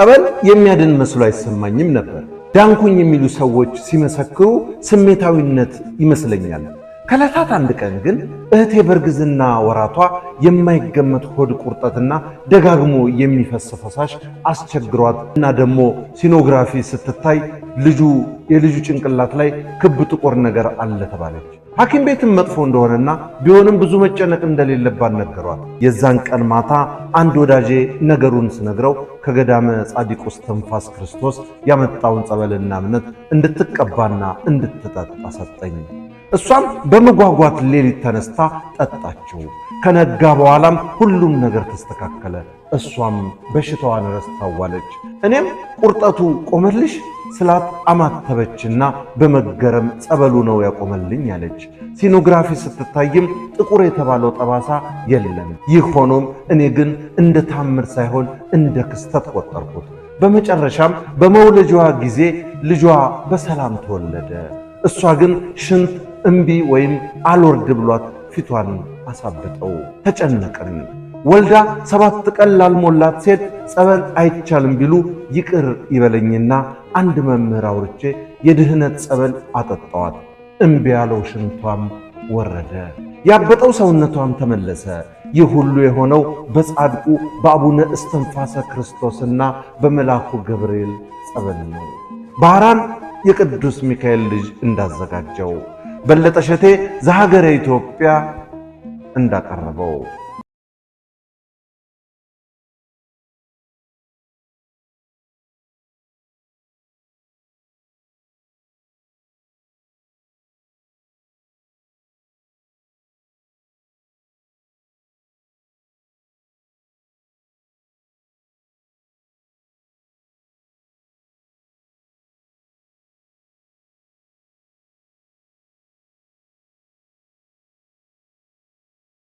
ጠበል የሚያድን መስሎ አይሰማኝም ነበር። ዳንኩኝ የሚሉ ሰዎች ሲመሰክሩ ስሜታዊነት ይመስለኛል። ከዕለታት አንድ ቀን ግን እህቴ በእርግዝና ወራቷ የማይገመት ሆድ ቁርጠትና ደጋግሞ የሚፈስ ፈሳሽ አስቸግሯት እና ደግሞ ሲኖግራፊ ስትታይ ልጁ የልጁ ጭንቅላት ላይ ክብ ጥቁር ነገር አለ ተባለች። ሐኪም ቤትም መጥፎ እንደሆነና ቢሆንም ብዙ መጨነቅ እንደሌለባት ነገሯት። የዛን ቀን ማታ አንድ ወዳጄ ነገሩን ስነግረው ከገዳመ ጻዲቅ እስትንፋሰ ክርስቶስ ያመጣውን ጸበልና እምነት እንድትቀባና እንድትጠጣ ሰጠኝ። እሷም በመጓጓት ሌሊት ተነስታ ጠጣችው። ከነጋ በኋላም ሁሉም ነገር ተስተካከለ። እሷም በሽታዋን ረስታዋለች። እኔም ቁርጠቱ ቆመልሽ ስላት አማተበችና በመገረም ጸበሉ ነው ያቆመልኝ አለች። ሲኖግራፊ ስትታይም ጥቁር የተባለው ጠባሳ የለም። ይህ ሆኖም እኔ ግን እንደ ታምር ሳይሆን እንደ ክስተት ቆጠርኩት። በመጨረሻም በመውለጃዋ ጊዜ ልጇ በሰላም ተወለደ። እሷ ግን ሽንት እምቢ ወይም አልወርድ ብሏት ፊቷን አሳብጠው ተጨነቅን። ወልዳ ሰባት ቀን ላልሞላት ሴት ጸበል አይቻልም ቢሉ ይቅር ይበለኝና አንድ መምህር አውርቼ የድህነት ጸበል አጠጣዋት። እምቢ ያለው ሽንቷም ወረደ፣ ያበጠው ሰውነቷም ተመለሰ። ይህ ሁሉ የሆነው በጻድቁ በአቡነ እስትንፋሰ ክርስቶስና በመልአኩ ገብርኤል ጸበል ነው። ባህራን የቅዱስ ሚካኤል ልጅ እንዳዘጋጀው በለጠ ሸቴ ዘሀገረ ኢትዮጵያ እንዳቀረበው